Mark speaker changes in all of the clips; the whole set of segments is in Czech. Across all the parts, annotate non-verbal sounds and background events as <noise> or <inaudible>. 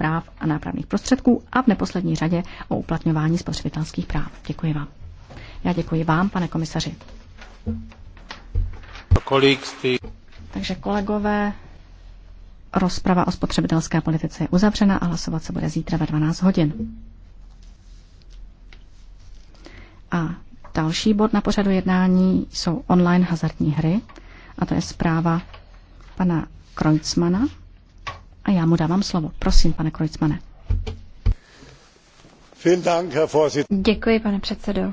Speaker 1: práv a nápravných prostředků a v neposlední řadě o uplatňování spotřebitelských práv. Děkuji vám. Já děkuji vám, pane komisaři. Takže kolegové, rozprava o spotřebitelské politice je uzavřena a hlasovat se bude zítra ve 12 hodin. A další bod na pořadu jednání jsou online hazardní hry a to je zpráva pana Kreutzmana a já mu dávám slovo. Prosím, pane Krojcmane. Děkuji, pane předsedo.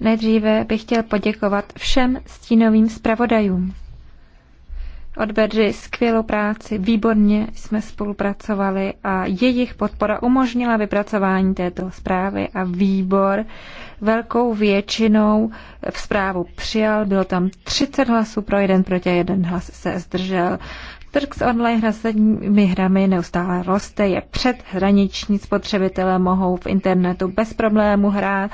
Speaker 2: Nejdříve bych chtěl poděkovat všem stínovým zpravodajům. Odvedli skvělou práci, výborně jsme spolupracovali a jejich podpora umožnila vypracování této zprávy a výbor velkou většinou v zprávu přijal. Bylo tam 30 hlasů pro jeden proti jeden hlas se zdržel. Trh s online hrazenými hrami neustále roste, je předhraniční, spotřebitelé mohou v internetu bez problému hrát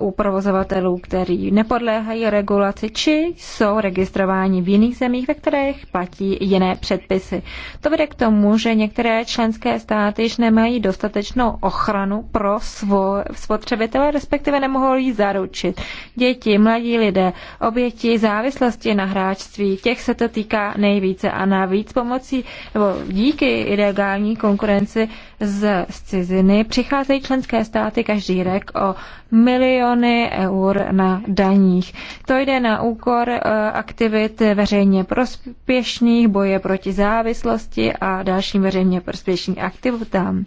Speaker 2: u provozovatelů, kteří nepodléhají regulaci, či jsou registrováni v jiných zemích, ve kterých platí jiné předpisy. To vede k tomu, že některé členské státy již nemají dostatečnou ochranu pro svo, spotřebitele, respektive nemohou ji zaručit. Děti, mladí lidé, oběti závislosti na hráčství, těch se to týká nejvíce a navíc pomocí nebo díky ideální konkurenci z, z ciziny přicházejí členské státy každý rok o miliony eur na daních. To jde na úkor eh, aktivit veřejně prospěšných, boje proti závislosti a dalším veřejně prospěšným aktivitám.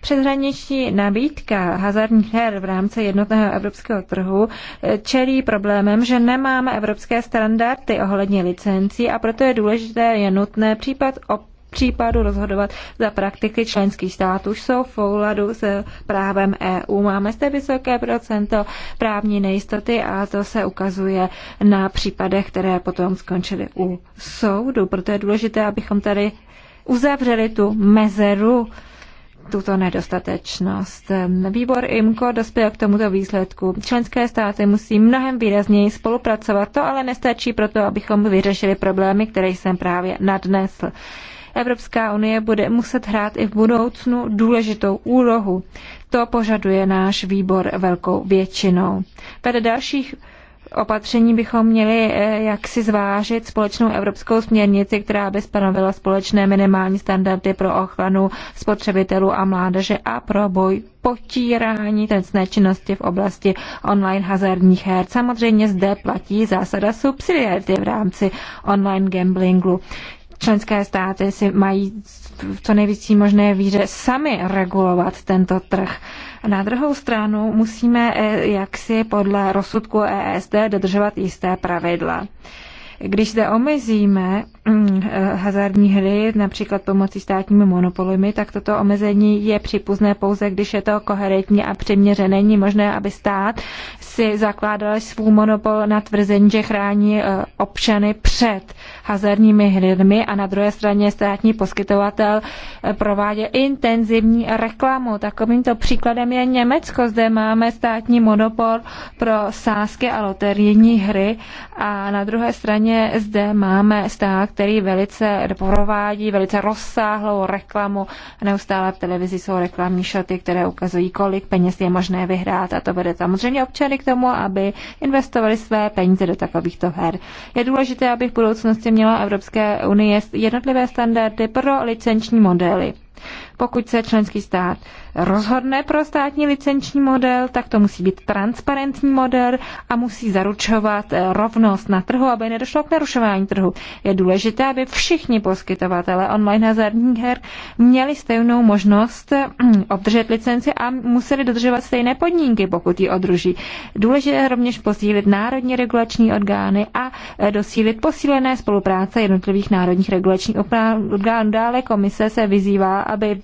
Speaker 2: Přeshraniční nabídka hazardních her v rámci jednotného evropského trhu eh, čelí problémem, že nemáme evropské standardy ohledně licencí a proto je důležité, je nutné případ op případu rozhodovat za praktiky členských států jsou v souladu s právem EU. Máme zde vysoké procento právní nejistoty a to se ukazuje na případech, které potom skončily u soudu. Proto je důležité, abychom tady uzavřeli tu mezeru, tuto nedostatečnost. Výbor IMCO dospěl k tomuto výsledku. Členské státy musí mnohem výrazněji spolupracovat, to ale nestačí proto, abychom vyřešili problémy, které jsem právě nadnesl. Evropská unie bude muset hrát i v budoucnu důležitou úlohu. To požaduje náš výbor velkou většinou. Vedle dalších opatření bychom měli eh, jaksi zvážit společnou evropskou směrnici, která by stanovila společné minimální standardy pro ochranu spotřebitelů a mládeže a pro boj potírání trestné činnosti v oblasti online hazardních her. Samozřejmě zde platí zásada subsidiarity v rámci online gamblingu členské státy si mají v co největší možné víře sami regulovat tento trh. Na druhou stranu musíme eh, jaksi podle rozsudku ESD dodržovat jisté pravidla. Když zde omezíme mm, eh, hazardní hry, například pomocí státními monopolymi, tak toto omezení je připuzné pouze, když je to koherentní a přiměřené. Není možné, aby stát si zakládal svůj monopol na tvrzení, že chrání eh, občany před hazardními hrymi a na druhé straně státní poskytovatel eh, provádě intenzivní reklamu. Takovýmto příkladem je Německo. Zde máme státní monopol pro sázky a loterijní hry a na druhé straně Samozřejmě zde máme stát, který velice provádí velice rozsáhlou reklamu. Neustále v televizi jsou reklamní šaty, které ukazují, kolik peněz je možné vyhrát a to vede samozřejmě občany k tomu, aby investovali své peníze do takovýchto her. Je důležité, aby v budoucnosti měla Evropské unie jednotlivé standardy pro licenční modely. Pokud se členský stát rozhodne pro státní licenční model, tak to musí být transparentní model a musí zaručovat eh, rovnost na trhu, aby nedošlo k narušování trhu. Je důležité, aby všichni poskytovatelé online hazardních her měli stejnou možnost eh, <clears throat> obdržet licenci a museli dodržovat stejné podmínky, pokud ji odruží. Důležité je rovněž posílit národní regulační orgány a eh, dosílit posílené spolupráce jednotlivých národních regulačních orgánů. Dále komise se vyzývá, aby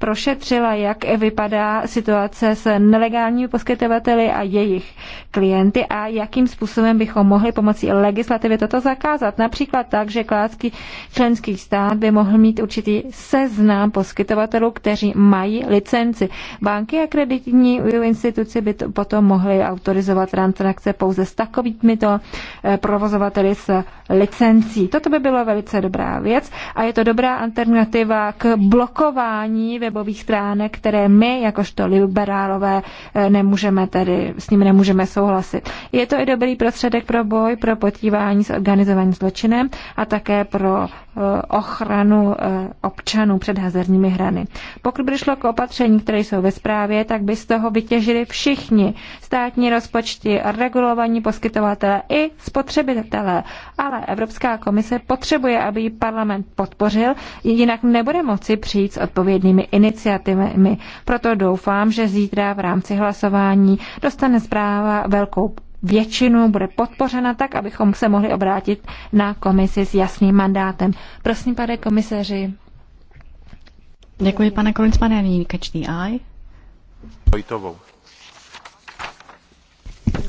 Speaker 2: prošetřila, jak vypadá situace s nelegálními poskytovateli a jejich klienty a jakým způsobem bychom mohli pomocí legislativy toto zakázat. Například tak, že klácký členský stát by mohl mít určitý seznam poskytovatelů, kteří mají licenci. Banky a kreditní instituce by to potom mohly autorizovat transakce pouze s takovými to eh, provozovateli s licencí. Toto by byla velice dobrá věc a je to dobrá alternativa k blokování ve webových stránek, které my, jakožto liberálové, eh, nemůžeme tedy, s nimi nemůžeme souhlasit. Je to i dobrý prostředek pro boj, pro potívání s organizovaným zločinem a také pro eh, ochranu eh, občanů před hazardními hrany. Pokud by šlo k opatření, které jsou ve zprávě, tak by z toho vytěžili všichni státní rozpočty, regulovaní poskytovatele i spotřebitelé. Ale Evropská komise potřebuje, aby ji parlament podpořil, jinak nebude moci přijít s odpovědnými informacemi iniciativami. Proto doufám, že zítra v rámci hlasování dostane zpráva velkou většinu, bude podpořena tak, abychom se mohli obrátit na komisi s jasným mandátem. Prosím, pane komiseři. Děkuji, pane
Speaker 1: a nyní ke
Speaker 3: Hojtovou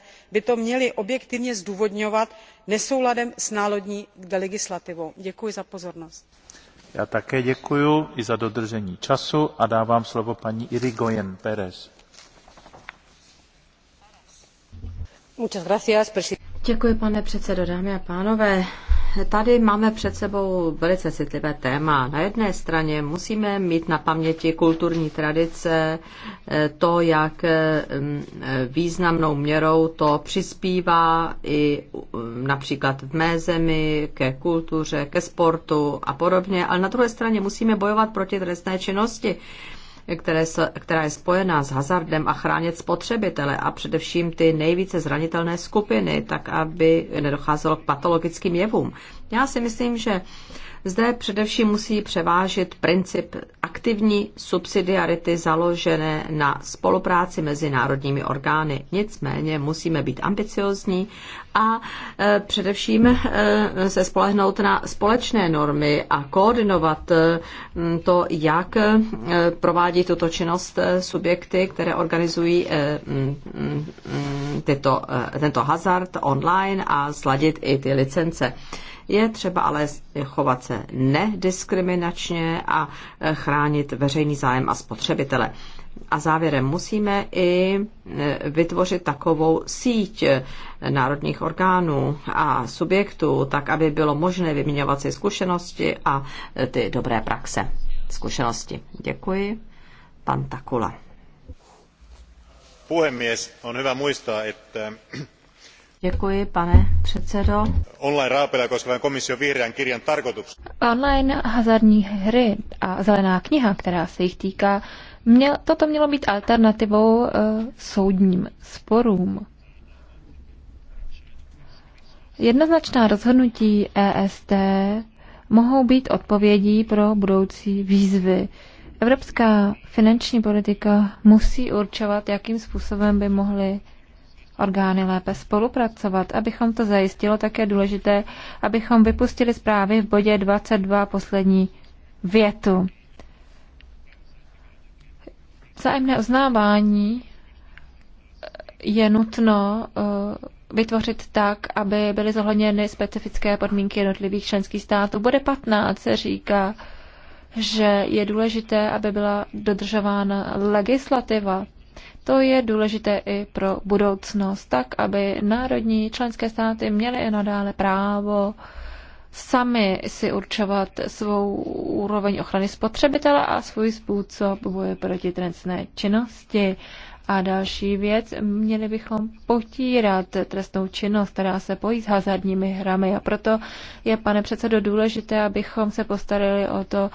Speaker 3: komise by to měly objektivně zdůvodňovat nesouladem s národní legislativou. děkuji za pozornost. já také děkuji i za dodržení času a dávám slovo paní irigoyenové pérez.
Speaker 4: Děkuji, pane předsedo, dámy a pánové tady máme před sebou velice citlivé téma. Na jedné straně musíme mít na paměti kulturní tradice, eh, to, jak eh, eh, významnou měrou to přispívá i například v mé zemi ke kultuře, ke sportu a podobně, ale na druhé straně musíme bojovat proti trestné činnosti které se, která je spojená s hazardem a chránit spotřebitele a především ty nejvíce zranitelné skupiny, tak aby nedocházelo k patologickým jevům. Já si myslím, že zde především musí převážit princip aktivní subsidiarity založené na spolupráci mezi národními orgány. Nicméně musíme být ambiciozní a e, především e, se spolehnout na společné normy a koordinovat e, to, jak provádí tuto činnost subjekty, které organizují tyto, tento hazard online a sladit i ty licence. Je třeba ale chovat se nediskriminačně a chránit veřejný zájem a spotřebitele. A závěrem musíme i vytvořit takovou síť národních orgánů a subjektů, tak aby bylo možné vyměňovat si zkušenosti a ty dobré praxe. Zkušenosti. Děkuji. Pan Takula.
Speaker 5: Puhemies, on hyvä muistaa, että
Speaker 2: Děkuji, pane předsedo.
Speaker 5: Online rápelä koskevan komission vihreän kirjan tarkoituksena.
Speaker 2: Online hazardní hry a zelená kniha, která se jich týká, měl, toto mělo být alternativou uh, soudním sporům. Jednoznačná rozhodnutí EST mohou být odpovědí pro budoucí výzvy. Evropská finanční politika musí určovat, jakým způsobem by mohly orgány lépe spolupracovat. Abychom to zajistilo, tak je důležité, abychom vypustili zprávy v bodě 22 poslední větu. Zájemné uznávání je nutno eh, vytvořit tak, aby byly zohledněny specifické podmínky jednotlivých členských států. Bude 15 se říká, že je důležité, aby byla dodržována legislativa to je důležité i pro budoucnost, tak aby národní členské státy měly i nadále právo sami si určovat svou úroveň ochrany spotřebitele a svůj způsob boje proti trestné činnosti. A další věc, měli bychom potírat trestnou činnost, která se pojí s hazardními hrami. A proto je, pane předsedo, důležité, abychom se postarali o to,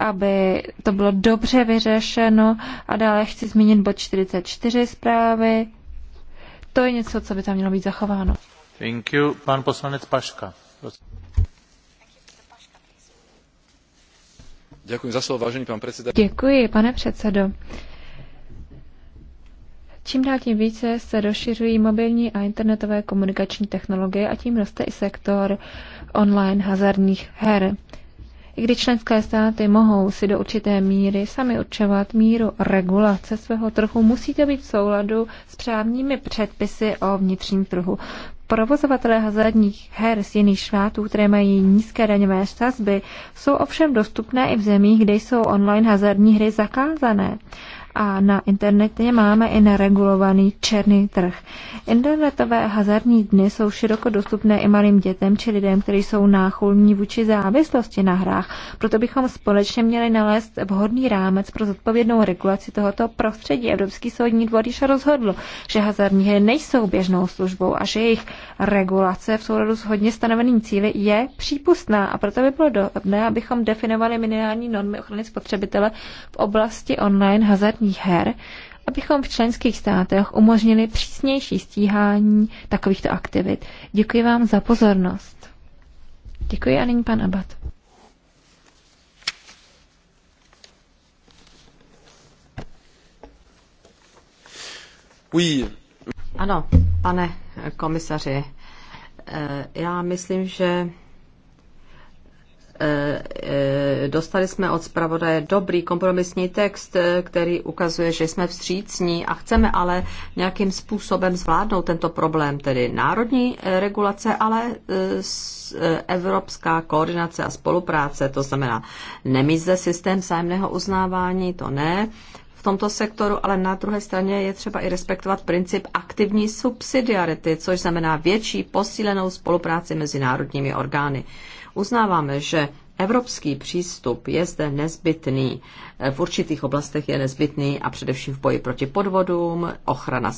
Speaker 2: aby to bylo dobře vyřešeno. A dále chci zmínit bod 44 zprávy. To je něco, co by tam mělo být zachováno.
Speaker 5: Thank you. Pan poslanec Paška. Děkuji za slovo,
Speaker 2: vážený pan předseda. Děkuji, pane předsedo. Čím dál tím více se rozšiřují mobilní a internetové komunikační technologie a tím roste i sektor online hazardních her. I když členské státy mohou si do určité míry sami určovat míru regulace svého trhu, musí to být v souladu s právními předpisy o vnitřním trhu. Provozovatelé hazardních her z jiných států, které mají nízké daňové sazby, jsou ovšem dostupné i v zemích, kde jsou online hazardní hry zakázané a na internetě máme i neregulovaný černý trh. Internetové hazardní dny jsou široko dostupné i malým dětem či lidem, kteří jsou náchylní vůči závislosti na hrách. Proto bychom společně měli nalézt vhodný rámec pro zodpovědnou regulaci tohoto prostředí. Evropský soudní dvor již rozhodl, že hazardní hry nejsou běžnou službou a že jejich regulace v souladu s hodně stanoveným cíly je přípustná a proto by bylo dobré, abychom definovali minimální normy ochrany spotřebitele v oblasti online hazard hazardních her, abychom v členských státech umožnili přísnější stíhání takovýchto aktivit. Děkuji vám za pozornost. Děkuji a nyní pan Abad. Oui.
Speaker 4: Ano, pane komisaři, eh, já myslím, že Eh, eh, dostali jsme od zpravodaje dobrý kompromisní text, eh, který ukazuje, že jsme vstřícní a chceme ale nějakým způsobem zvládnout tento problém, tedy národní regulace, ale evropská koordinace a spolupráce, to znamená nemizde systém zájemného uznávání, to ne, v tomto sektoru, ale na druhé straně je třeba i respektovat princip aktivní subsidiarity, což znamená větší posílenou spolupráci mezi národními orgány. Uznáváme, že evropský přístup je zde nezbytný. V určitých oblastech je nezbytný a především v boji proti podvodům, ochrana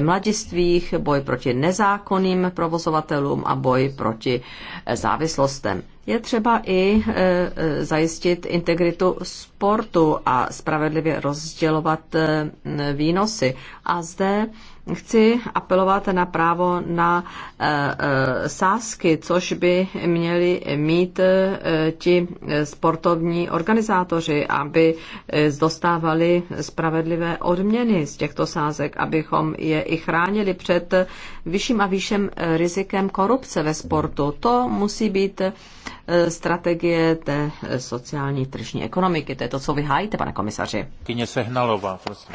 Speaker 4: mladistvých, boj proti nezákonným provozovatelům a boj proti e, závislostem. Je třeba i e, e, zajistit integritu sportu a spravedlivě rozdělovat výnosy. A zde chci apelovat na právo na eh, eh, sázky, což by měli mít eh, ti sportovní organizátoři, aby dostávali spravedlivé odměny z těchto sázek, abychom je i chránili před vyšším a vyšším rizikem korupce ve sportu. To musí být strategie té sociální tržní ekonomiky. To je to, co vy hájíte,
Speaker 3: pane komisaři. Kyně Sehnalova, prosím.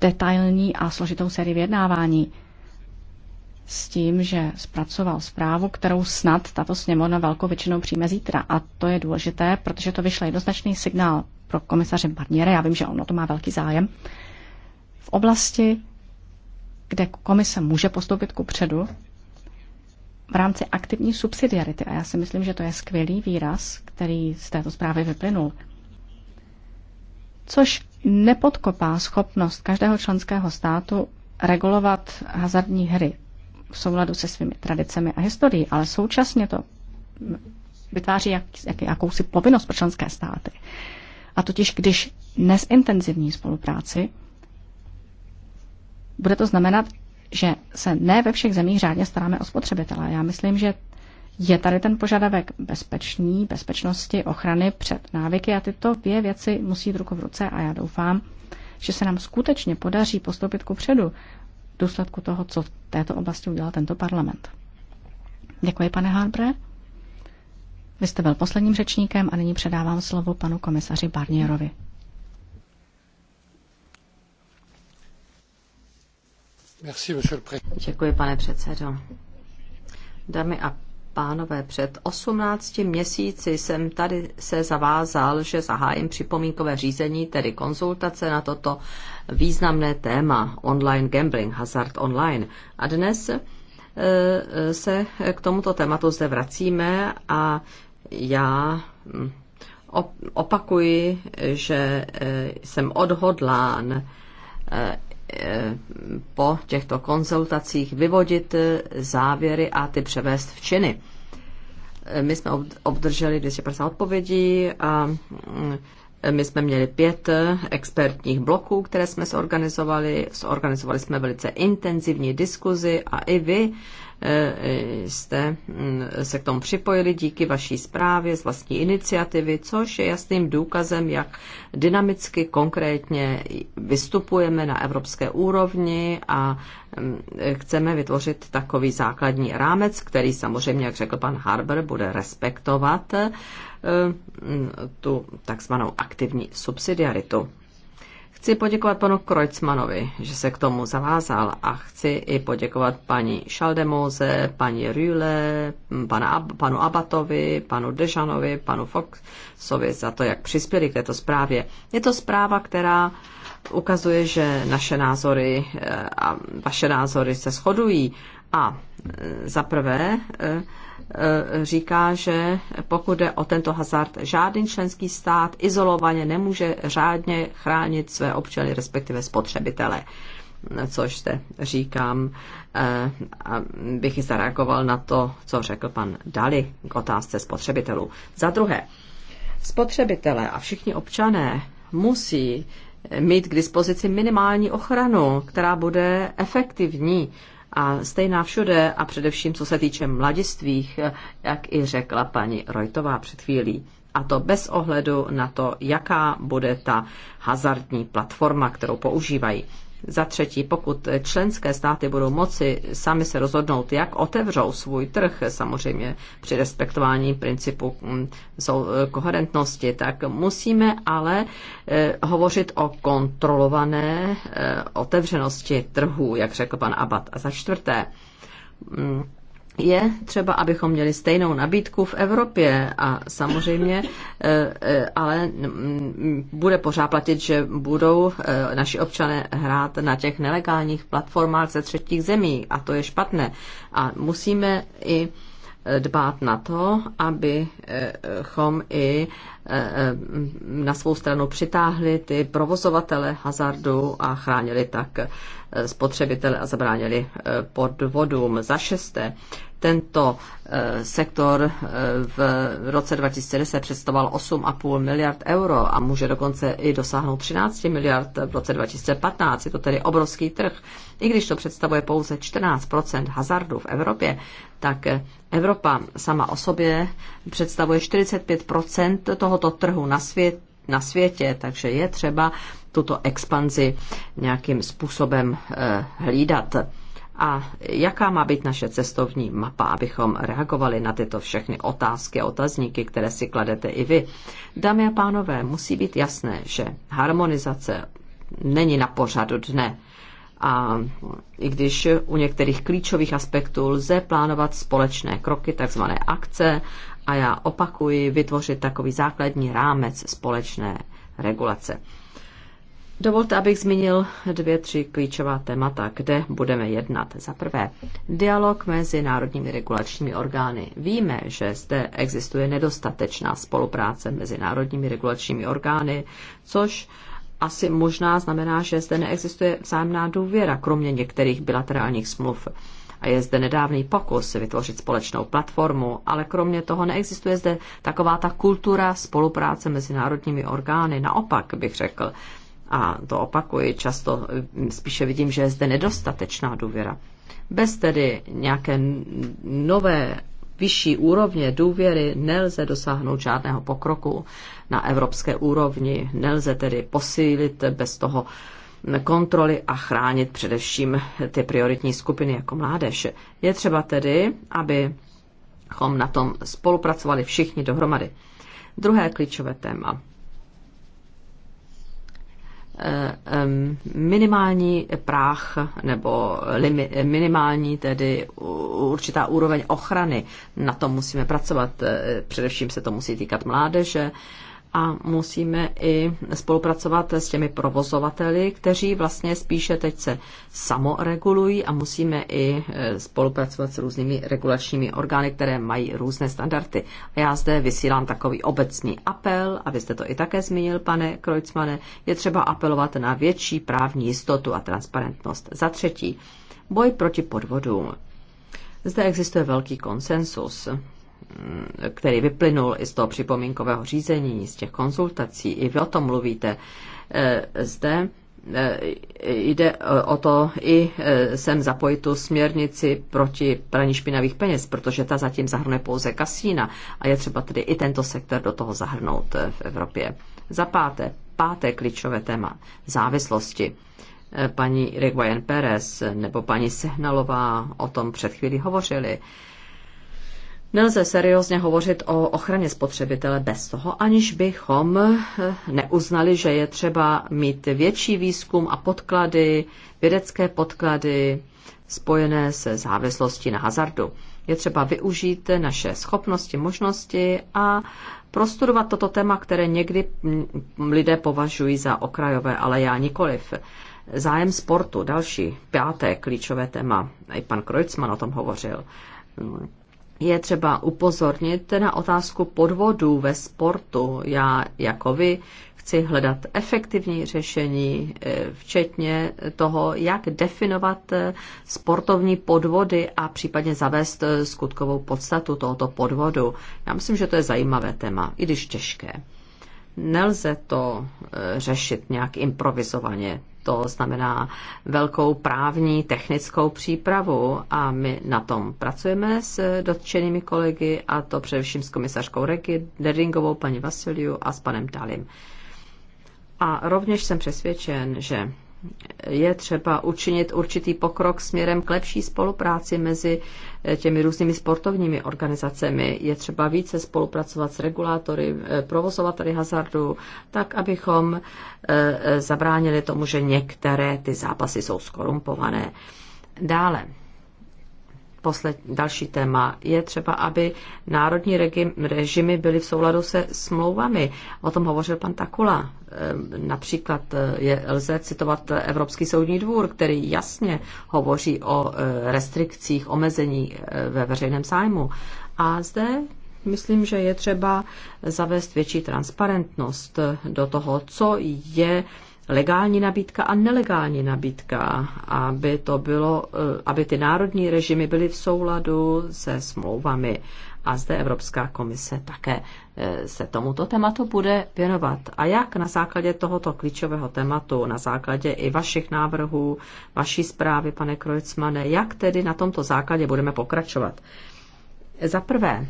Speaker 1: detailní a složitou sérii vyjednávání s tím, že zpracoval zprávu, kterou snad tato sněmovna velkou většinou přijme zítra. A to je důležité, protože to vyšle jednoznačný signál pro komisaře Barniere, já vím, že ono to má velký zájem, v oblasti, kde komise může postoupit ku předu v rámci aktivní subsidiarity. A já si myslím, že to je skvělý výraz, který z této zprávy vyplynul. Což nepodkopá schopnost každého členského státu regulovat hazardní hry v souladu se svými tradicemi a historií, ale současně to vytváří jak, jak, jakousi povinnost pro členské státy. A totiž, když nezintenzivní spolupráci, bude to znamenat, že se ne ve všech zemích řádně staráme o spotřebitele. Já myslím, že je tady ten požadavek bezpečný, bezpečnosti, ochrany před návyky a tyto dvě věci musí jít ruku v ruce a já doufám, že se nám skutečně podaří postoupit ku předu v důsledku toho, co v této oblasti udělal tento parlament. Děkuji, pane Harbre. Vy jste byl posledním řečníkem a nyní předávám slovo panu komisaři Barnierovi.
Speaker 4: Děkuji, pane předsedo. Dámy a pánové, před 18 měsíci jsem tady se zavázal, že zahájím připomínkové řízení, tedy konzultace na toto významné téma online gambling, hazard online. A dnes e, se k tomuto tématu zde vracíme a já mm, opakuji, že e, jsem odhodlán e, po těchto konzultacích vyvodit eh, závěry a ty převést v činy. Eh, my jsme obdrželi 250 odpovědí a mm, my jsme měli pět eh, expertních bloků, které jsme zorganizovali. Zorganizovali jsme velice intenzivní diskuzi a i vy Eh, eh, jste mm, se k tomu připojili díky vaší zprávě z vlastní iniciativy, což je jasným důkazem, jak dynamicky, konkrétně vystupujeme na evropské úrovni a mm, eh, chceme vytvořit takový základní rámec, který samozřejmě, jak řekl pan Harber, bude respektovat mm, tu takzvanou aktivní subsidiaritu. Chci poděkovat panu Kreutzmanovi, že se k tomu zavázal a chci i poděkovat paní Šaldemoze, paní Rühle, pana, panu Abatovi, panu Dežanovi, panu Foxovi za to, jak přispěli k této zprávě. Je to zpráva, která ukazuje, že naše názory eh, a vaše názory se shodují a eh, zaprvé eh, Eh, říká, že pokud jde o tento hazard, žádný členský stát izolovaně nemůže řádně chránit své občany, respektive spotřebitele což se říkám, eh, bych i zareagoval na to, co řekl pan Dali k otázce spotřebitelů. Za druhé, spotřebitelé a všichni občané musí mít k dispozici minimální ochranu, která bude efektivní a stejná všude a především co se týče mladistvých, jak i řekla paní Rojtová před chvílí. A to bez ohledu na to, jaká bude ta hazardní platforma, kterou používají. Za třetí, pokud členské státy budou moci sami se rozhodnout, jak otevřou svůj trh, samozřejmě při respektování principu mm, eh, koherentnosti, tak musíme ale eh, hovořit o kontrolované eh, otevřenosti trhu, jak řekl pan Abad. A za čtvrté, mm, je třeba, abychom měli stejnou nabídku v Evropě a samozřejmě, eh, eh, ale mm, bude pořád platit, že budou eh, naši občané hrát na těch nelegálních platformách ze třetích zemí a to je špatné. A musíme i dbát na to, abychom i na svou stranu přitáhli ty provozovatele hazardu a chránili tak spotřebitele a zabránili podvodům. Za šesté, tento eh, sektor eh, v roce 2010 představoval 8,5 miliard euro a může dokonce i dosáhnout 13 miliard v roce 2015. Je to tedy obrovský trh. I když to představuje pouze 14 hazardu v Evropě, tak Evropa sama o sobě představuje 45 tohoto trhu na, svět, na světě, takže je třeba tuto expanzi nějakým způsobem eh, hlídat a jaká má být naše cestovní mapa, abychom reagovali na tyto všechny otázky a otazníky, které si kladete i vy. Dámy a pánové, musí být jasné, že harmonizace není na pořadu dne. A i když u některých klíčových aspektů lze plánovat společné kroky, takzvané akce, a já opakuji, vytvořit takový základní rámec společné regulace. Dovolte, abych zmínil dvě, tři klíčová témata, kde budeme jednat. Za prvé, dialog mezi národními regulačními orgány. Víme, že zde existuje nedostatečná spolupráce mezi národními regulačními orgány, což asi možná znamená, že zde neexistuje vzájemná důvěra, kromě některých bilaterálních smluv. A je zde nedávný pokus vytvořit společnou platformu, ale kromě toho neexistuje zde taková ta kultura spolupráce mezi národními orgány. Naopak bych řekl, a to opakuji často, mm, spíše vidím, že je zde nedostatečná důvěra. Bez tedy nějaké nové vyšší úrovně důvěry nelze dosáhnout žádného pokroku na evropské úrovni, nelze tedy posílit bez toho kontroly a chránit především ty prioritní skupiny jako mládež. Je třeba tedy, abychom na tom spolupracovali všichni dohromady. Druhé klíčové téma Eh, minimální práh nebo limi, minimální tedy určitá úroveň ochrany. Na tom musíme pracovat. Eh, především se to musí týkat mládeže a musíme i spolupracovat s těmi provozovateli, kteří vlastně spíše teď se samoregulují a musíme i e, spolupracovat s různými regulačními orgány, které mají různé standardy. A já zde vysílám takový obecný apel, a vy jste to i také zmínil, pane Krojcmane, je třeba apelovat na větší právní jistotu a transparentnost. Za třetí, boj proti podvodům. Zde existuje velký konsensus který vyplynul i z toho připomínkového řízení, z těch konzultací, i vy o tom mluvíte, e, zde e, jde o to i e, sem zapojit tu směrnici proti praní špinavých peněz, protože ta zatím zahrnuje pouze kasína a je třeba tedy i tento sektor do toho zahrnout v Evropě. Za páté, páté klíčové téma závislosti. Paní Reguayen Perez nebo paní Sehnalová o tom před chvílí hovořili. Nelze seriózně hovořit o ochraně spotřebitele bez toho, aniž bychom eh, neuznali, že je třeba mít větší výzkum a podklady, vědecké podklady spojené se závislostí na hazardu. Je třeba využít naše schopnosti, možnosti a prostudovat toto téma, které někdy mm, lidé považují za okrajové, ale já nikoliv. Zájem sportu, další, páté klíčové téma, i pan Krojcman o tom hovořil mm je třeba upozornit na otázku podvodů ve sportu. Já jako vy chci hledat efektivní řešení, eh, včetně toho, jak definovat eh, sportovní podvody a případně zavést eh, skutkovou podstatu tohoto podvodu. Já myslím, že to je zajímavé téma, i když těžké. Nelze to řešit nějak improvizovaně to znamená velkou právní technickou přípravu a my na tom pracujeme s dotčenými kolegy a to především s komisařkou Deringovou paní Vasiliu a s panem Dalim. A rovněž jsem přesvědčen, že je třeba učinit určitý pokrok směrem k lepší spolupráci mezi eh, těmi různými sportovními organizacemi. Je třeba více spolupracovat s regulátory, eh, provozovateli hazardu, tak abychom eh, zabránili tomu, že některé ty zápasy jsou skorumpované. Dále posled, další téma. Je třeba, aby národní regim, režimy byly v souladu se smlouvami. O tom hovořil pan Takula. Ehm, například eh, je, lze citovat Evropský soudní dvůr, který jasně hovoří o eh, restrikcích, omezení eh, ve veřejném zájmu. A zde myslím, že je třeba zavést větší transparentnost do toho, co je legální nabídka a nelegální nabídka, aby, to bylo, eh, aby ty národní režimy byly v souladu se smlouvami. A zde Evropská komise také eh, se tomuto tématu bude věnovat. A jak na základě tohoto klíčového tématu, na základě i vašich návrhů, vaší zprávy, pane Krojcmane, jak tedy na tomto základě budeme pokračovat? Za prvé,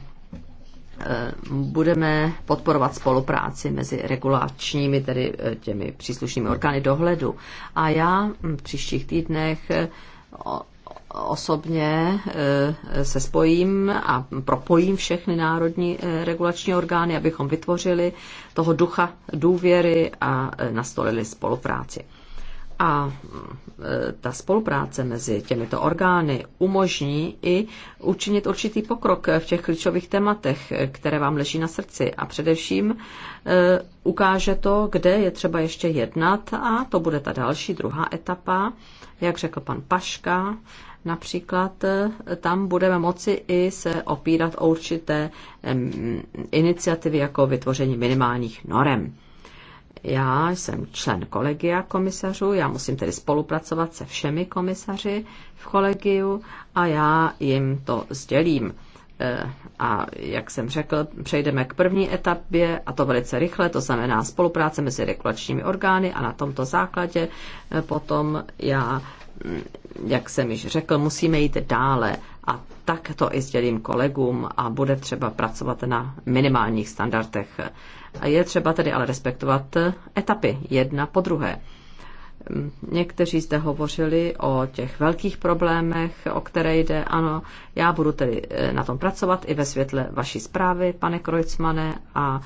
Speaker 4: Eh, budeme podporovat spolupráci mezi regulačními, tedy eh, těmi příslušnými orgány dohledu. A já hm, v příštích týdnech eh, osobně se spojím a propojím všechny národní regulační orgány, abychom vytvořili toho ducha důvěry a nastolili spolupráci. A e, ta spolupráce mezi těmito orgány umožní i učinit určitý pokrok v těch klíčových tématech, které vám leží na srdci. A především e, ukáže to, kde je třeba ještě jednat a to bude ta další, druhá etapa. Jak řekl pan Paška, například e, tam budeme moci i se opírat o určité iniciativy jako vytvoření minimálních norem já jsem člen kolegia komisařů, já musím tedy spolupracovat se všemi komisaři v kolegiu a já jim to sdělím. Eh, a jak jsem řekl, přejdeme k první etapě a to velice rychle, to znamená spolupráce mezi regulačními orgány a na tomto základě eh, potom já, mm, jak jsem již řekl, musíme jít dále a tak to i sdělím kolegům a bude třeba pracovat na minimálních standardech. Je třeba tedy ale respektovat eh, etapy jedna po druhé. Někteří zde hovořili o těch velkých problémech, o které jde. Ano, já budu tedy eh, na tom pracovat i ve světle vaší zprávy, pane Krojcmane, a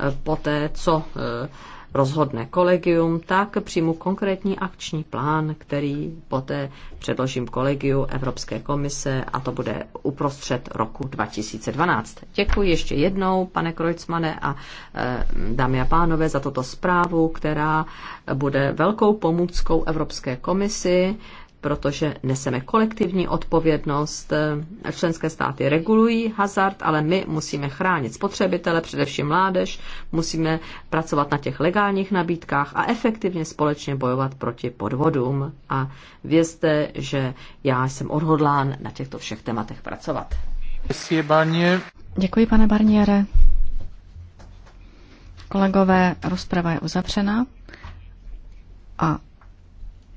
Speaker 4: eh, poté, co eh, rozhodne kolegium, tak přijmu konkrétní akční plán, který poté předložím kolegiu Evropské komise a to bude uprostřed roku 2012. Děkuji ještě jednou, pane Krojcmane a eh, dámy a pánové, za toto zprávu, která bude velkou pomůckou Evropské komisi protože neseme kolektivní odpovědnost. Eh, Členské státy regulují hazard, ale my musíme chránit spotřebitele, především mládež, musíme pracovat na těch legálních nabídkách a efektivně společně bojovat proti podvodům. A vězte, že já jsem odhodlán na těchto všech tématech pracovat.
Speaker 1: Děkuji, pane Barniere. Kolegové, rozprava je uzavřena a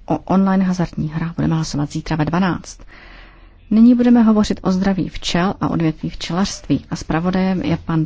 Speaker 1: o online hazardní hra budeme hlasovat zítra ve 12. Nyní budeme hovořit o zdraví včel a odvětví včelařství a zpravodajem je pan